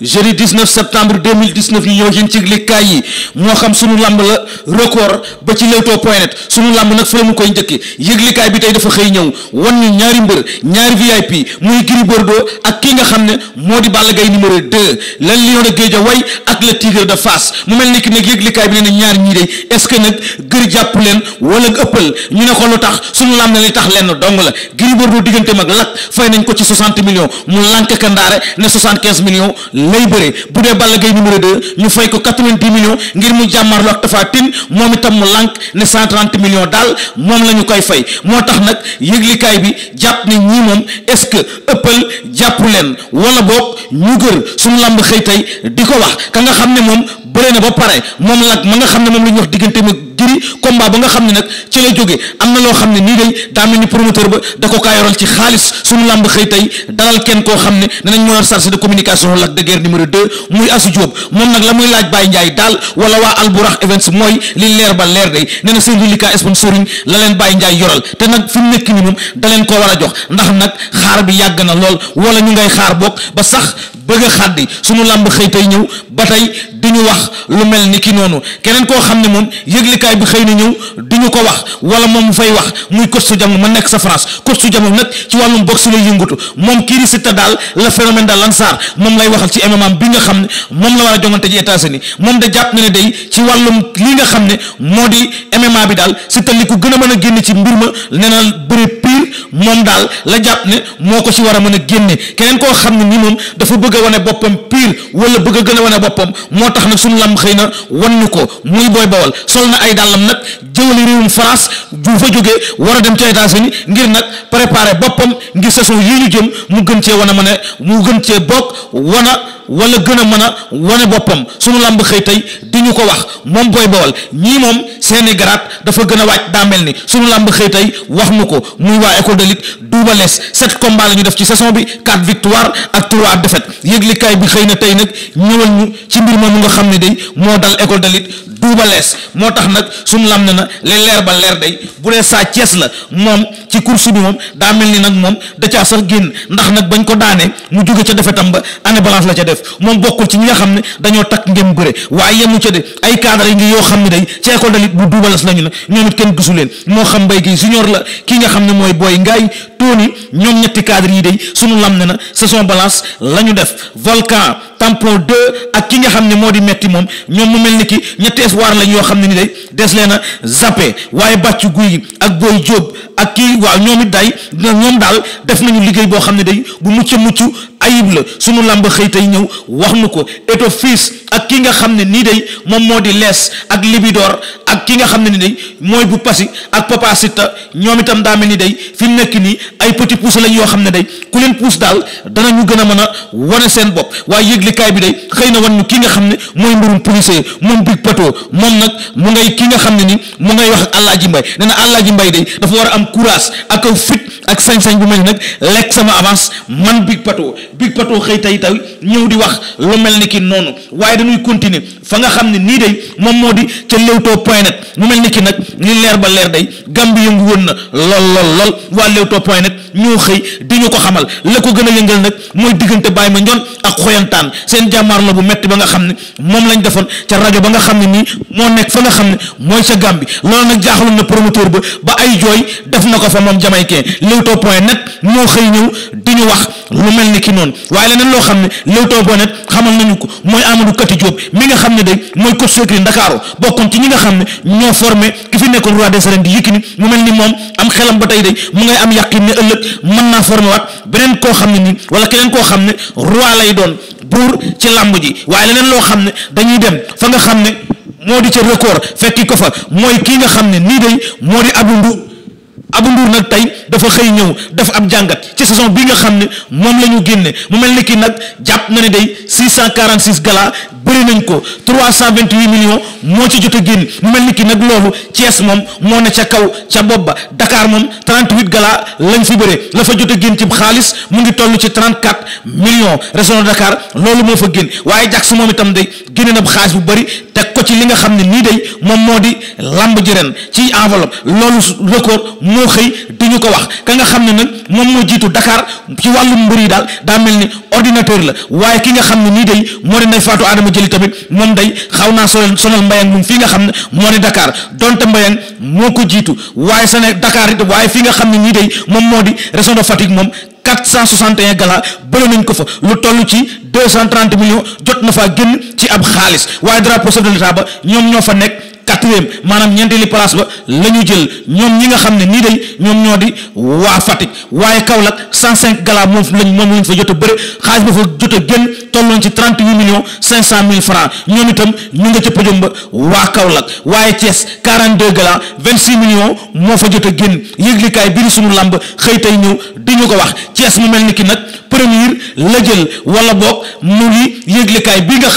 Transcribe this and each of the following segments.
jeudi 19 septembre 2019 ñu ñëw yëglekaay yi moo xam sunu lamb la record ba ci leewtoo point net sunu lamb nag fa la mu koy njëkke yëglekaay bi tey dafa xëy ñëw wan ñu ñaari mbër ñaari VIP muy Gris Bordeaux ak kii nga xam ne moo di Balla Gaye numéro 2 la Lion de Guédiawaye ak le Tigre de Fass mu mel ni ki nag yëglekaay bi nee na ñaar ñii day est-ce que nag gër jàpp leen wala ëppal ñu ne ko lu tax sunu lamb ne li tax lenn dong la Gris Bordeaux diggante mag lak fay ko ci 60 millions mu lànk kandaare ne 75 millions lay bëre bu dee Balla Gaye numéro 2 ñu fay ko 90 millions ngir mu jàmmarlu ak Tapha moom itam mu lànk ne millions daal moom la ñu koy fay moo tax nag yëglikaay bi jàpp ne ñii moom est-ce que ëppal jàppu leen wala boog ñu gër suñu làmb xëy tey di ko wax ka nga xam ne moom bëre na ba pare moom nag ma nga xam ne moom la ñu wax diggante mag jëri combat ba nga xam ne nag ci la jóge am na loo xam ne nii day daa mel ni promoteur ba da ko kaa yoral ci xaalis suñu làmb xëy tey dalal kenn koo xam ne danañ moo yor chargé de communication Lac de Guiers de 2 muy Asu Diop moom nag la muy laaj Baye Ndiaye daal wala waa Alburax Events mooy li leer ba leer day nee na seen reliquat sponsoring la leen Baye Ndiaye yoral te nag fu mu nekk ni moom da leen ko war a jox ndax nag xaar bi yàgg na lool wala ñu ngay xaar bokk ba sax bëgg a xàddi sunu làmb xëy tey ñëw ba tey du ñu wax lu mel ni ki noonu keneen koo xam ne moom yëglikaay bi xëy na ñëw du ñu ko wax wala moom mu fay wax muy coach su jamono ma nekk sa France coach su jamono nag ci wàllum boxe lay yëngatu moom kii di Siteu daal le phénomène daal Lansar moom lay waxal ci MMA bi nga xam ne moom la war a jongante ji États-Unis moom da jàpp na ne day ci wàllum li nga xam ne moo di MMA bi daal Siteu li ko gën a man a génn ci mbir ma nee biir moom daal la jàpp ne moo ko ci war a mën a génne keneen koo xam ne ni moom dafa bëgg a wane boppam piir wala bëgg a gën a wane boppam moo tax nag suñu lam xëy na wan ñu ko muy booy bawal sol na ay dàllam nag jëwali réewum France bu fa jógee war a dem ca états ngir nag préparer boppam ngir saison yii ñu jëm mu gën cee wane ma ne mu gën cee bokk wana wala gën a mën a wane boppam sunu làmb xëy tey di ñu ko wax moom booy bawal ñii moom seeni garaat dafa gën a wàcc daa mel ni sunu làmb xëy tey wax nu ko muy waa école de lutte Double Less set combats la ñu def ci saison bi quatre victoire ak trois défaites yëglikaay bi xëy na tey nag ñëwal ñu ci mbir ma mu nga xam ni day moo dal école de lutte duuba lees moo tax nag suñ lam ne na li leer ba leer day bu dee saa cees la moom ci course bi moom daa mel ni nag moom da caa sax génn ndax nag bañ ko daanee mu jóge ca tam ba année balance la ca def moom bokkul ci ñi nga xam ne dañoo takk ngem bëre waaye yemu ca de ay cadre yi ngi yoo xam ne day ci école de lutte bu duuba lees la ñu ne ñoom it kenn gisu leen moo xam mbay gi junior la kii nga xam ne mooy booy ngaay tóoni ñoom ñetti cadre yi day sunu lam ne na saison balance la ñu def volcan tampon 2 ak ki nga xam ne moo di metti moom ñoom mu mel ni ki ñetti espoir lañ yoo xam ne ni day des leen a zappe waaye bàccu guy ak booy jóob ak kii waaw ñoom it day ñoom daal def nañu liggéey boo xam ne day bu mucc mucc ayib la sunu làmb xëy tey ñëw wax nu ko eto fils ak ki nga xam ne nii day moom moo di lees ak libidoor ak ki nga xam ne ni day mooy bu pasi ak papa sita ñoom itam daa mel ni day fi mu nekk nii ay petit pouce lañ yoo xam ne day ku leen pousse daal ñu gën a mën a wane seen bopp waaye yëglikaay bi day xëy na wan ñu nga xam ne mooy mbirum policier moom big pato moom mu ngay ki nga xam ne ni mu ngay wax ak Alaaji Mbay nee na Alaaji Mbay day dafa war a am courage ak fit ak sañ-sañ bu mel ni nag lekk sama avance man big pato big pato xëy tay tay ñëw di wax lu mel ni ki noonu waaye dañuy continuer fa nga xam ne nii day moom moo di ca Leewtoo point net mu mel ni ki nag li leer ba leer day Gambie yëngu woon na lool lool lool waa Leewtoo point net ñoo xëy di ñu ko xamal la ko gën a yëngal nag mooy diggante Baye Mandione ak xoyantaan seen jàmmaar la bu metti ba nga xam ne moom lañ defoon ca rajo ba nga xam ne nii moo nekk fa nga xam ne mooy ca Gambie loolu nag jaaxaloon na promoteur ba ba ay jooy def na ko fa moom jamaïcain Leewtoo point net moo xëy ñëw di ñu wax lu mel ni ki noonu waaye leneen loo xam ne Leewtoo point net xamal nañu ko mooy Amadou Kati Diop mi nga xam ne day mooy coach secret Ndakaaru bokkoon ci ñi nga xam ne ñoo formé ki fi nekkoon roi des arènes di Yékini mu mel ni moom am xelam ba tey day mu ngay am yàqin ne ëllëg mën naa formé waat beneen koo xam ne nii wala keneen koo xam ne roi lay doon buur ci làmb ji waaye leneen loo xam ne dañuy dem fa nga xam ne moo di ca record fekki ko fa mooy kii nga xam ne nii day moo di Abdou Abou Ndour nag tey dafa xëy ñëw def ab jàngat ci saison bi nga xam ne moom la ñu génne mu mel ni ki nag jàpp na ne day 646 gala. nañ ko 328 millions moo ci jot a génn mu mel ni ki nag loolu Thiès moom moo ne ca kaw ca bopp ba Dakar moom 38 gala lañ fi bëree la fa jot a génn ci xaalis mu ngi toll ci 34 millions région de Dakar loolu moo fa génn waaye Jax moom itam day génne na xaalis bu bëri teg ko ci li nga xam ne nii day moom moo di lamb ji ci enveloppe loolu record moo xëy di ñu ko wax ka nga xam ne nag moom moo jiitu Dakar ci wàllum mbër yi daal tamit moom day xaw naa sonal sonal mbayang moom fii nga xam ne moo di Dakar donte mbayang moo ko jiitu waaye sa ne waaye fii nga xam ne ñii day moom moo di région de moom 461 gala ko fa lu toll ci 230 jot na faa génn ci ab xaalis waaye drapeau chef de l'État ñoom ñoo fa nekk juróom maanaam ñeenteeli place ba la ñu jël ñoom ñi nga xam ne nii day ñoom ñoo di waa Fatick waaye Kaolack cent cinq gala moom lañ moom lañ fa jot a bëre xaalis ba fa jot a génn tolloon ci trente huit millions cinq cent mille francs ñoom itam ñu nga ca pëjum ba waa Kaolack waaye Thiès quarante deux gala vingt six millions moo fa jot a génn yëglikaay biir sunu làmb xëy tey ñëw di ko wax Thiès mu mel ni nag premier la jël wala boog mu ngi yëglikaay bi nga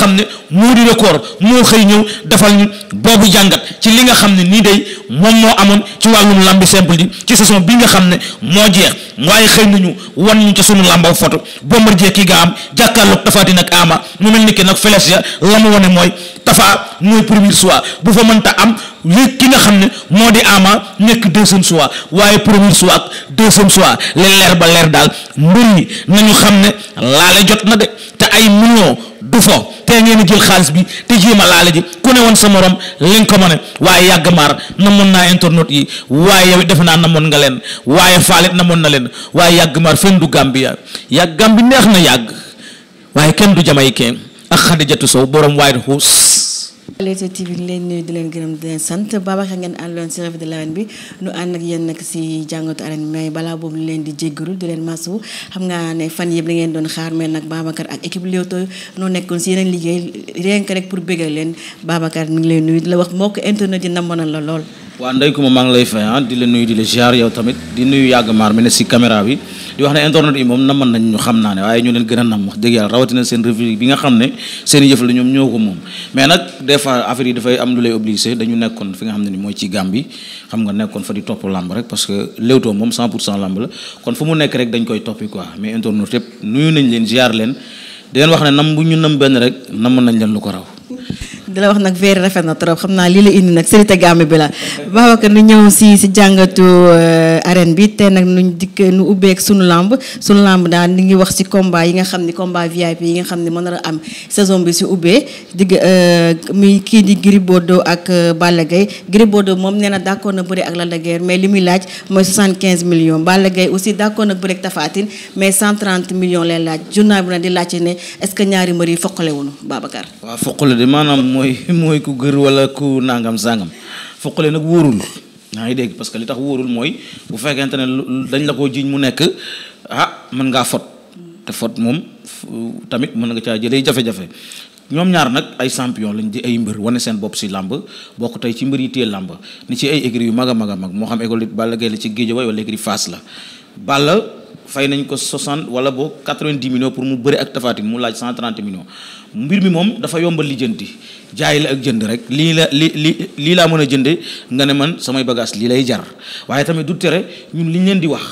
moo di record moo xëy ñëw defal ñu boobu jàngat ci li nga xam ne nii day moom moo amoon ci wàllum lambi simple di ci saison bii nga xam ne moo jeex waaye xëy nañu wan ñu ci sunu làmbaw photo Bombardier kii nga am jàkkaarloog Tapha Tine ak Ama mu mel ni ki nag feles la mu wane mooy Tapha mooy premier choix bu fa mënta am li ki nga xam ne moo di Ama nekk deuxième choix waaye premier choix ak deuxième choix li leer ba leer daal mbir yi nañu xam ne laale jot na de te ay millions du fo tey ngeen a jël xaalis bi te jéem a laale ji ku ne woon sa morom leen ko mën waaye yàgg maar namoon naa internet yi waaye yow it defe naa namoon nga leen waaye faalit moon na leen waaye yàgg maar fenn du Gambia yàgg Gambi neex na yàgg waaye kenn du Jamaïcain ak Xadijatu Sow borom White House Leewtoo TV ñu leen nuyu di leen gërëm di leen sant Babacar ngeen àndoon si revue de l'arène bi nu ànd ak yéen nag si jàngatu arène bi mais balaa boobu ñu leen di jéggalu di leen masu xam nga ne fan yëpp la ngeen doon xaar mais nag Babacar ak équipe Leewtoo noo nekkoon si yeneen liggéey rien rek pour bégal leen Babacar mi ngi leen nuyu la wax mbokk internet yi namoon na la lool waa ndey kuma maa ngi lay fay ah, di la nuyu di la ziar yow tamit di nuyu yàgg maar mi bi di wax ne internet yi moom naman nañ ñu xam naa ne waaye ñu leen gën a nam wax dëgg yàlla rawatina bi nga xam ne seen yëf ñoo ko moom mais nag des fois affaire yi dafay am lu lay obligé dañu nekkoon fi nga xam ne ni mooy ci Gàmbi xam nga nekkoon fa di topp làmb rek parce que Leewtoo moom 100 pour cent kon fu mu nekk rek dañ koy toppi quoi mais internet yëpp nuyu nañ leen ziar leen di wax ne nam bu ñu nam benn rek nam nañ leen lu ko raw di la wax nag weer rafet na trop xam naa lii la indi nag serité gàmm bi la Babacar nu ñëw si si jàngatu euh, arène bi te nag nuñ dikk nu ubbeek sunu lamb sunu lamb daal li ngi wax si combat yi nga xam ni combat VIP yi nga xam ne mën na am saison bi si ubbee digg euh, muy kii di Gris Bordeaux ak euh, Balla Gaye Gris Bordeaux moom nee na d'accord na bëri ak Lac de Guiers mais li muy laaj mooy 75 millions Balla Gaye aussi d'accord na bëri ak Tapha Tine mais 130 millions lay laaj journal bi di laajte ne est-ce que ñaari mbër yi foqale wuñu Babacar mooy mooy ku gër wala ku nangam sangam foqale nag wóorul yaa ngi dégg parce que li tax wóorul mooy bu fekkente ne dañ la koo jiñ mu nekk ah mën ngaa fot te fot moom tamit mën nga caa jëlee jafe-jafe ñoom ñaar nag ay champion lañ di ay mbër wane seen bopp si làmb bokk tey ci mbër yi tee làmb ni ci ay écuries yu mag a mag mag moo xam école Balla Gaye la ci Guédiawaye wala écurie Fass la Balla fay nañ ko 60 wala boo 90 millions pour mu bëri ak Tapha Tine mu laaj 130 millions mbir mi moom dafa yombal lijjanti jaay la ak jënd rek lii la li li lii laa mën a jënde nga ne man samay bagage lii lay jar waaye tamit du tere ñun liñ leen di wax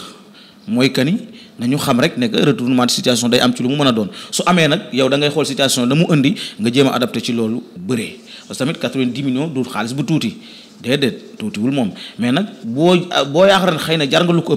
mooy kani nañu xam rek ne que retournement de situation day am ci lu mu mën a doon su amee nag yow da ngay xool situation da mu indi nga jéem a adapté ci loolu bëree parce que tamit 90 millions du xaalis bu tuuti déedéet tuutiwul moom mais nag boo boo yaakaar xëy na jar nga lu ko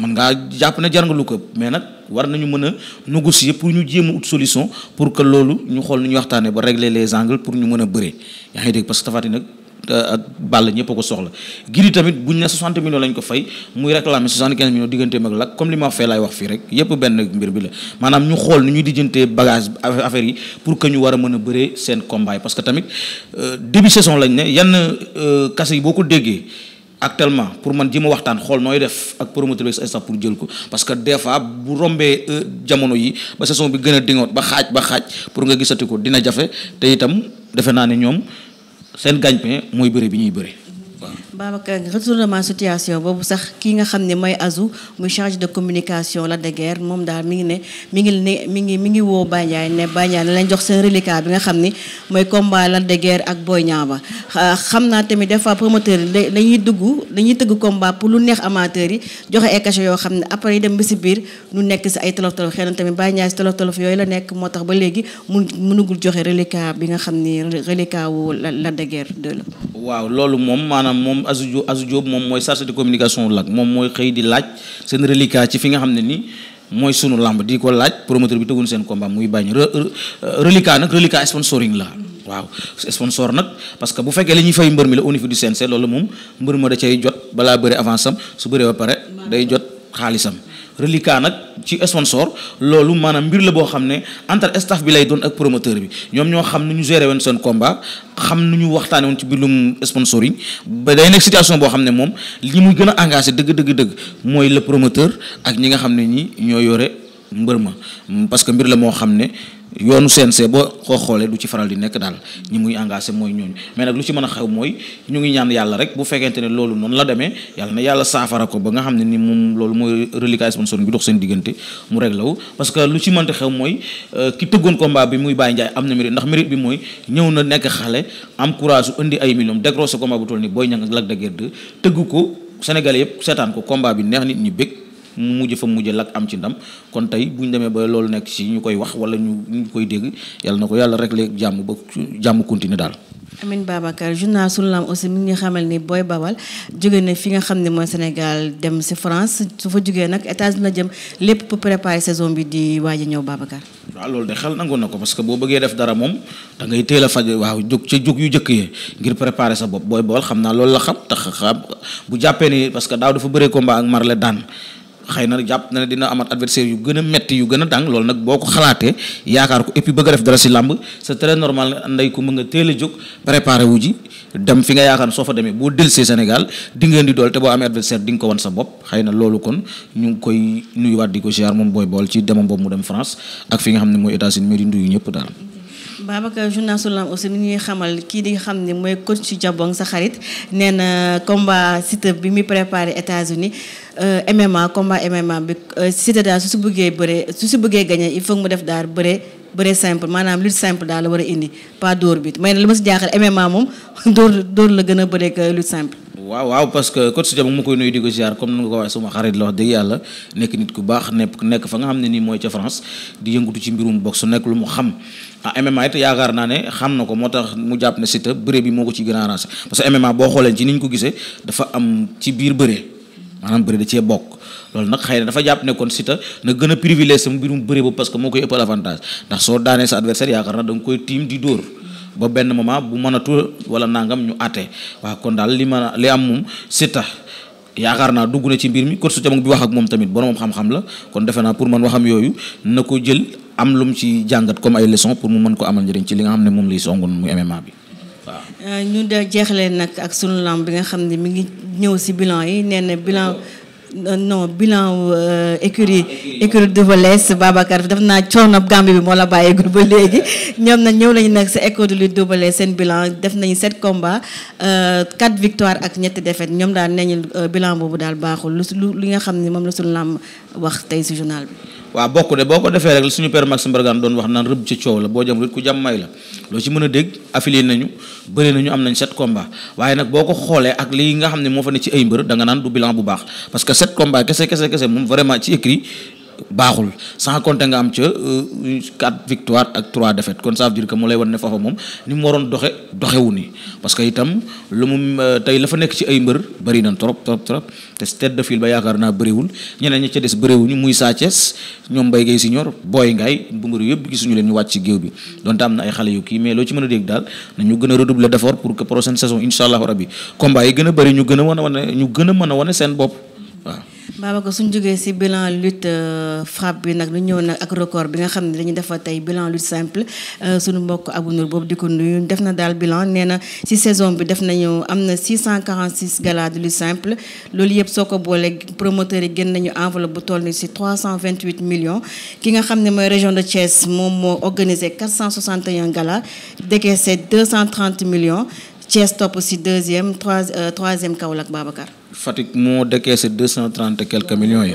man ngaa jàpp na jar ko mais nag war nañu mën a négocier pour ñu jéem a solution pour que loolu ñu xool nu ñu waxtaanee ba régler les angles pour ñu mën a bëree yaa ngi dégg parce que Tapha Tine nag euh, ak Balla ñëpp a ko soxla Gris tamit buñ ne 60 millions lañ ko fay muy réclamer 75 millions digganteem ak Lac comme li ma fee laay wax fii rek yëpp benn mbir bi la maanaam ñu xool ni ñuy dijjantee bagage affaire yi pour que ñu war a mën a bëree seen combat yi que tamit euh, début saison lañ ne yenn euh, kase yi boo ko déggee. actuellement pour man ji ma waxtaan xool nooy def ak promoteur bi instant pour jël ko parce que des fois bu rombee euh, jamono yi ba saison bi gën a dingoot ba xaaj ba xaaj pour nga gisati ko dina jafe te itam defe naa ne ñoom seen gagne mooy bëre bi ñuy bëre. Babacar retournement situation boobu sax ki nga xam ne mooy Azou muy chargé de communication la de guerre moom daal mi ngi ne mi ngi ne mi ngi mi ngi woo Baye Ndiaye ne Baye lañ jox seen reliquat bi nga xam ni mooy combat la de guerre ak Boy Niang ba ah, xam naa tamit des fois promoteur yi dañuy dugg dañuy tëgg combat pour lu neex amateur yi joxe ay yoo xam ne après dem ba si biir ñu nekk si ay tolof tolof xëy tamit Baye Ndiaye si tolof tolof yooyu la nekk moo tax ba léegi mu mënugul joxe reliquat bi nga xam ni reliquat wu la de guerre de la waaw loolu moom maanaam moom Azou Azou Diop moom mooy chargé de communication lak moom mooy xëy di laaj seen reliquat ci fi nga xam ne ni mooy sunu lamb di ko laaj promoteur bi tëggoon seen combat muy bàyyi euh, reliquat nag reliquat sponsoring la waaw sponsor nag parce que bu fekkee li ñuy fay mbër mi la au niveau du CNC moom mbër ma da cay jot balaa bëri avance am su bëree ba pare day jot xaalisam reliquat nag ci sponsor loolu maanaam mbir la boo xam ne entre staff bi lay doon ak promoteur bi ñoom ñoo xam nu ñu géré woon seen combat xam nu ñu waxtaanee woon ci biirum sponsor yi ba day nekk situation boo xam ne moom li muy gën a engagé dëgg dëgg dëgg mooy le promoteur ak ñi nga xam ne ñi ñoo yore mbër ma parce que mbir la moo xam ne yoonu CNC boo koo xoolee du ci faral di nekk daal ñi muy engagé mooy ñooñu mais nag lu ci mën a xew mooy ñu ngi ñaan yàlla rek bu fekkente ne loolu noonu la demee yàlla na yàlla saafara ko ba nga xam ne ni moom loolu mooy reliquat sponsor bi dox seen diggante mu réglé wu parce que lu ci mënta xew mooy euh, ki tëggoon combat bi muy Baye Ndiaye am na mérite ndax mérite bi mooy ñëw na nekk xale am courage su indi ay millions décroché combat bu toll ni Boy Niang ak Lac de tëgg ko Sénégalais yëpp seetaan ko combat bi neex nit ñi bëgg mu mujj fa mujj lag am ci ndam kon tey bu ñu demee ba loolu nekk ci ñu koy wax wala ñu ñu koy dégg yàlla na ko yàlla rek léegi jàmm ba jàmm continuer daal. Amin Babacar journal sunu lam aussi mi ngi xamal ni booy Bawal jóge na fi nga xam ne mooy Sénégal dem ci France su fa jógee nag États-Unis la jëm lépp pour préparer saison bi di waaj a ñëw Babacar. waaw loolu de xel nangu na ko parce que boo bëggee def dara moom da ngay a faj waaw jóg ca jóg yu jëkk yee ngir préparer sa bopp Boy naa loolu la xam tax xam bu jàppee ni que daaw dafa bëree combat ak Marley daan. xëy na jàpp ne dina amat adversaire yu gën a metti yu gën a dàng nag boo ko xalaatee yaakaar ko et puis bëgg dara si làmb c'est très normal nday ku mën nga teel jóg préparé wu dem fi nga yaakaar soo fa demee boo dellusee Sénégal di di dool te boo amee adversaire di ko wan sa bopp xëy loolu kon ñu koy nuyuwaat di ko ziar moom booy bool ci demam boobu mu dem France ak fi nga xam ne mooy États-Unis mais di nuyu ñëpp daal. Babacar journal Euh, MMA combat MMA bi euh, Siteu daal su si bëggee bëree su si bëggee gagné il faut mu def daal bëree bëree simple maanaam lutte simple daal la war indi pas dóor bi ma si jaaxal MMA moom door la gën a bëree ak lutte simple. waaw waaw que coach Dia mu ngi koy di ko ziar comme ni nga ko waxee sama xarit la wax dëgg yàlla nekk nit ku baax nekk fa nga xam ne nii mooy ca France di yëngatu ci mbirum boxe nekk lu mu xam ah MMA it yaakaar naa ne xam na ko moo tax mu jàpp ne Siteu bëre bi moo ko ci gën a arrangé parce que MMA boo xoolee ci ni ñu ko gisee dafa am ci biir bëre. maanaam bëri da cee bokk loolu nag xëy na dafa jàpp ne kon Siteu na gën a privilégié sama mbirum bëri ba parce que moo koy ëppal avantage ndax soo daanee sa adversaire yaakaar na da nga koy tiim di dóor ba benn moment bu mën wala nangam ñu àtte waaw kon daal li ma li am moom Siteu yaakaar naa dugg na ci mbir mi kon su jamono bi wax ak moom tamit borom xam-xam la kon defe naa pour man waxam yooyu na ko jël am lu mu ci jàngat comme ay leçon pour mu mën ko amal njëriñ ci li nga xam ne moom lay songoon muy MMA bi. Euh, ñu de jeexalee nag ak sunu lamb bi nga xam ne mi ngi ñëw si bilan yi nee na bilan euh, non bilan euh, écurie écurie de Valès Babacar def naa coono Gambie bi moo la bàyyeegul ba léegi ñoom nag ñëw lañu nag sa école de lutte de seen bilan def nañu sept combats quatre victoires ak ñetti defeet ñoom daal nee nañu bilan boobu daal baaxul lu li nga xam ne moom la suñu làmb wax tey si journal bi. waaw bokk de boo ko defee rek suñu père Maxime Bergan doon wax naan rëbb ci coow la boo jëm rit ku jàmm may la loo ci mën a dégg affilié nañu bëri nañu am nañ sept combat waaye nag boo ko xoolee ak lii nga xam ne moo fa ne ci ay mbër da naan du bilan bu baax parce que sept combat kese kese kese moom vraiment ci écrit baaxul sans compter nga am ca euh, quatre victoire ak trois defet kon ça veut dire que mu lay wan ne foofa moom ni mu waroon doxe doxewu ni parce que itam lu mu euh, tey la fa nekk ci ay mbër bari na trop trop trop te tête de file ba yaakaar naa bëriwul ñeneen ñi ca des bëriwuñu muy Sa Thiès ñoom Mbaye Guèye Senior booy ngaay bu mbër yëpp gisuñu leen ñu wàcc ci géew bi donte am na ay xale yu kii mais loo ci mën a dégg daal nañu gën a redoubler d'effort pour que prochaine saison incha allahu rabbi combat yi gën a bëri ñu gën a wan a wane ñu gën a mën a wane seen bopp Babacar suñ jógee si bilan lutte euh, frappe bi nag lu ñëw nag ak bi nga xam ne dañuy defar tey bilan lutte simple euh, suñu mbokk Abou Nour boobu di ko nuyu def na daal bilan nee na si saison bi def nañu am na 646 gala de lutte simple loolu yëpp soo ko boolee promoteurs yi génn nañu enveloppe bu toll ni si 328 millions ki nga xam ne mooy région de Thiès moom moo organisé 461 gala décaissé 230 millions Thiès topp si deuxième trois euh, troisième Kaolack Babacar Fatick moo décaissé deux cent trente et quelques millions yi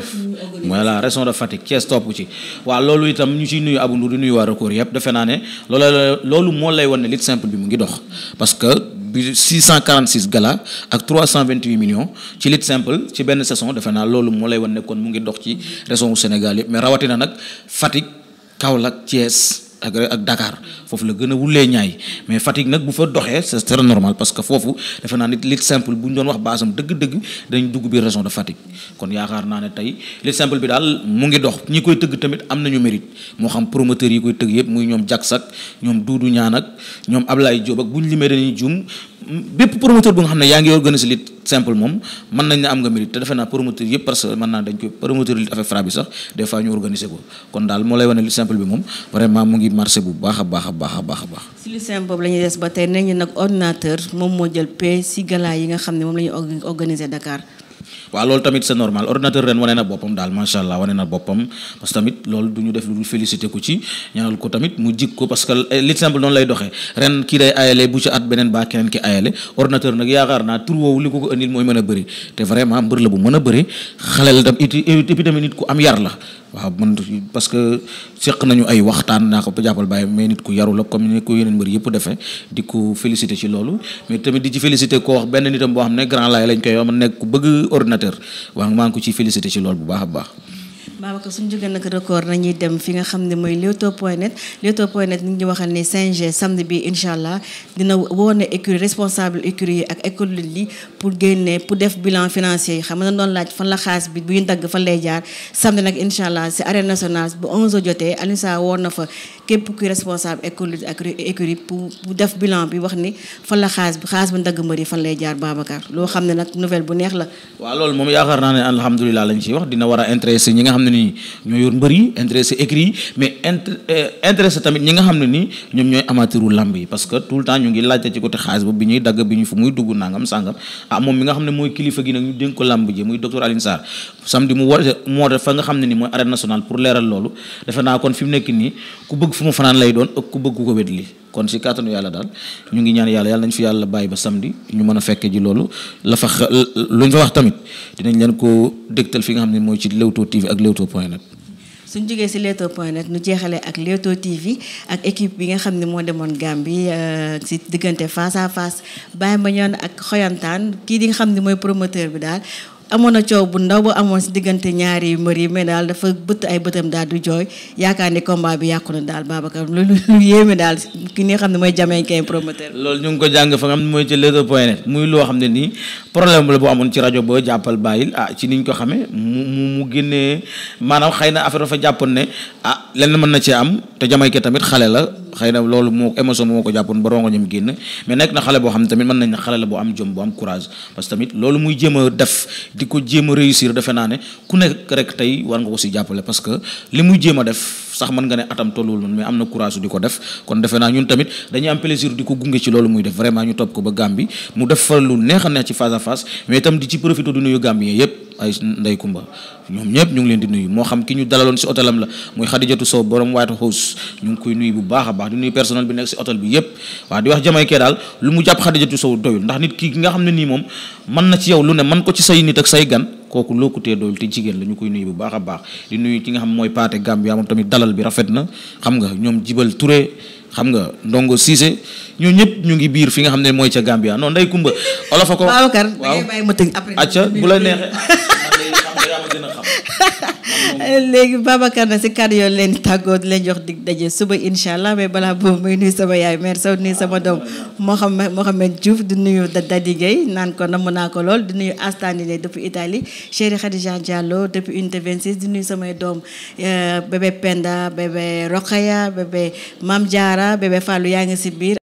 raison de Fatick Thiès topp ci waaw loolu itam ñu ciy nuyu Abou Ndour di nuyu waa record yëpp defe naa ne loolu loolu moo lay wan ne lutte simple bi mu ngi dox parce que bi 646 gala ak 328 millions ci lutte simple ci benn saison defe naa loolu moo lay wan ne kon mu ngi dox ci raison u Sénégal yëpp mais rawatina nag Fatick Kaolack Thiès. ak ak Dakar foofu la gën a wulee ñaay mais Fatick nag bu fa doxee c'est très normal parce que foofu defe naa nit lutte simple bu ñu doon wax baasam dëgg-dëgg dañ dugg biir région de Fatick kon yaakaar naa ne tey lutte simple bi daal mu ngi dox ñi koy tëgg tamit am nañu mérite moo xam promoteurs yi koy tëgg yëpp muy ñoom Jaksak ñoom Doudou Ñaan ak ñoom Ablaye Diop ak bu ñu limee dañuy juum bépp promoteur bu nga xam ne yaa ngi organiser lutte simple moom mën nañ ne am nga mérite te defe naa promoteur yëpp parce que mën naa dañ ko promoteur lutte avec frappe bi sax des ñu organiser ko kon daal moo lay wane lutte simple bi moom vraiment mu ngi marché bu baax a baax a baax a baax a baax si lutte simple boobu la ñuy des ba tey nañ a nag yi nga xam ne moom la ñuy organiser Dakar waaw loolu tamit c'est normal ordinateur ren wane na boppam daal macha allah wane na boppam parce que loolu du ñu def lu dul félicité ci ñaanal ko tamit mu jik ko parce que li noonu lay doxee ren kii day ayale bu ci at beneen baa keneen ki a bëri a bëri xale am yar la waaw parce que seq nañu ay waxtaan naa ko jàppal bàyyi mais nit ku yaru comme ni ko yeneen mbër yëpp defee di ko félicité ci loolu mais tamit di ci félicité koo wax benn nitam boo xam ne grand ordinateur waa maa ngi ko ciy félicité ci loolu bu baax a baax. Babacar suñu jógee nag record nañuy dem fi nga xam ne mooy Leewtoo point net Leewtoo point net ñu ngi waxal ne CNG samedi bi incha dina woone écurie responsable écurie ak école pour génne pour def bilan financier xam nga laaj fan la bi bu dagg fan lay jaar nag incha si arène nationale bu 11h jotee Alioune woon na fa. képp kuy responsable écologie ak écurie pour bu def bilan bi wax ni fan la xaas bi xaas bu ndagg mbëri fan lay jaar Babacar loolu moom yaakaar naa ne alhamdulilah lañ ciy wax dina war a intéressé ñi nga xam ne nii ñoo eh, ñoom ñooy amateuru lamb yi parce que tout le temps ñu ngi laajte ci côté xaalis ba bi ñuy dagg bi ñu fu muy dugg nangam sàngam ah moom mi nga xam ne mooy kilifa gi nag ñu dénk ko lamb ji muy docteur Alioune samedi mu woote moo fa nga xam ne fu mu fanaan lay doon ak ku bëgg ko wét li kon si kàttanu yàlla daal ñu ngi ñaan yàlla yàlla nañ fi yàlla bàyyi ba samedi ñu mën a fekk ji loolu la fa luñ fa wax tamit dinañ leen ko dégtal fi nga xam ne mooy ci Leewtoo TV ak Leewtoo point net suñ jógee si Leewtoo point net nu jeexalee ak Leewtoo TV ak équipe bi nga xam ne moo demoon Gambie si euh, diggante face à face ma Mandione ak xoyantaan kii di nga xam ne mooy promoteur bi daal amoon na coow bu ndaw ba amoon si diggante ñaari mbër yi mais daal dafa bëtt ay bëtam daal du jooy yaakaar ni combat bi yàqu na daal Babacar lu lu yéeme daal ki nga xam ne mooy Jamaïcain promoteur. loolu ñu ngi ko jàng fa nga xam ne mooy ci leader point net muy loo xam ne nii problème la bu amoon ci rajo ba jàppal bàyyil ah ci niñ ko xamee mu mu mu génnee maanaam xëy na affaire fa jàppoon ne ah. lenn mën na cee am te Jamaïque tamit xale la xëy na loolu moo émotion moo ko jàppoon ba rongo ñam génn mais nekk na xale boo xam ne tamit mën nañ xale la boo am jom boo am courage parce muy jéem a def ko jéem a réussir defe naa ne ku nekk rek tey war nga ko jàppale parce que li muy jéem a def sax mën nga ne atam tolluwul noonu mais am na courage di ko def kon defe naa ñun tamit dañuy am plaisir di ko gunge ci loolu muy def vraiment ñu topp ko ba Gambie mu def fa lu neex a neex ci face à face mais itam di ci profité du nuyu Gambien yépp ay Ndey Kumba ñoom ñëpp ñu ngi leen di nuyu moo xam ki ñu dalaloon si hôtelam la muy Xadijatu Sow borom White House ñu ngi koy nuyu bu baax a baax di nuyu personnel bi nekk si hôtel bi yëpp waaw di wax jamaykee daal lu mu jàpp nit ki nga xam ne nii moom mën na ci yow lu ne mën ko ci say nit ak say gan kooku lookutee doyul te jigéen la ñu koy nuyu bu baax a baax di nuyu ki nga xam mooy Paate Gambia moom tamit dalal bi rafet na xam nga ñoom jibal Touré xam nga ndongo Cissé ñoo ñëpp ñu ngi biir fi nga xam ne mooy ca Gambia non nday Kumba olof a ko. waaw Babacar da ngay bàyyi ma tëj après. acca bu la neexee. léegi Babacar na si kàddu yoon leen tàggoo leen jox dig daje suba incha allah mais balaa boobu may nuyu sama yaay mère Sow nuyu sama doom moo xam Diouf di nuyu Dadi Gueye naan ko namm naa ko lool di nuyu Astani Lay depuis Italie chéri Khadija Diallo depuis unité 26 di nuyu samay doom euh, bébé Penda bébé Rokhaya bébé Mam Diara bébé Fallou yaa ngi si biir